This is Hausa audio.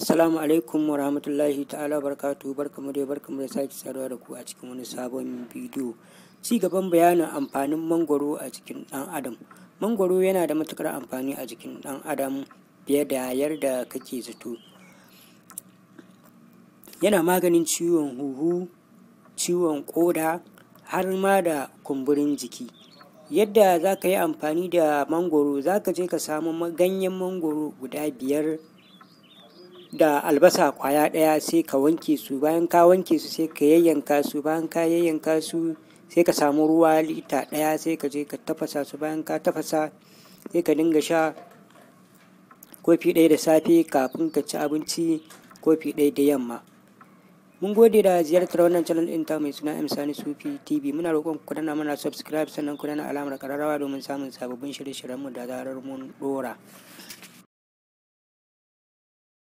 Assalamu alaikum wa rahmatullahi ta'ala barkatu barkamu da barkamu da sake saduwa da ku a cikin wani sabon bidiyo. Ci gaban bayanin amfanin mangwaro a cikin ɗan adam. Mangwaro yana da matukar amfani a jikin ɗan adam fiye da yarda kake zato. Yana maganin ciwon huhu, ciwon ƙoda, har ma da kumburin jiki. Yadda za ka yi amfani da mangwaro za ka je ka samu ganyen mangwaro guda biyar da albasa kwaya ɗaya sai ka wanke su bayan ka wanke su sai ka yayyanka su bayan ka yayyanka su sai ka samu ruwa lita ɗaya sai ka je ka tafasa su bayan ka tafasa sai ka dinga sha kofi ɗaya da safe kafin ka ci abinci kofi ɗaya da yamma mun gode da ziyartar wannan channel din ta mai suna m.sani Sufi TV muna roƙon ku dana mana subscribe sannan ku dana alamar kararrawa domin samun sababbin shirye-shiryenmu da zarar mun dora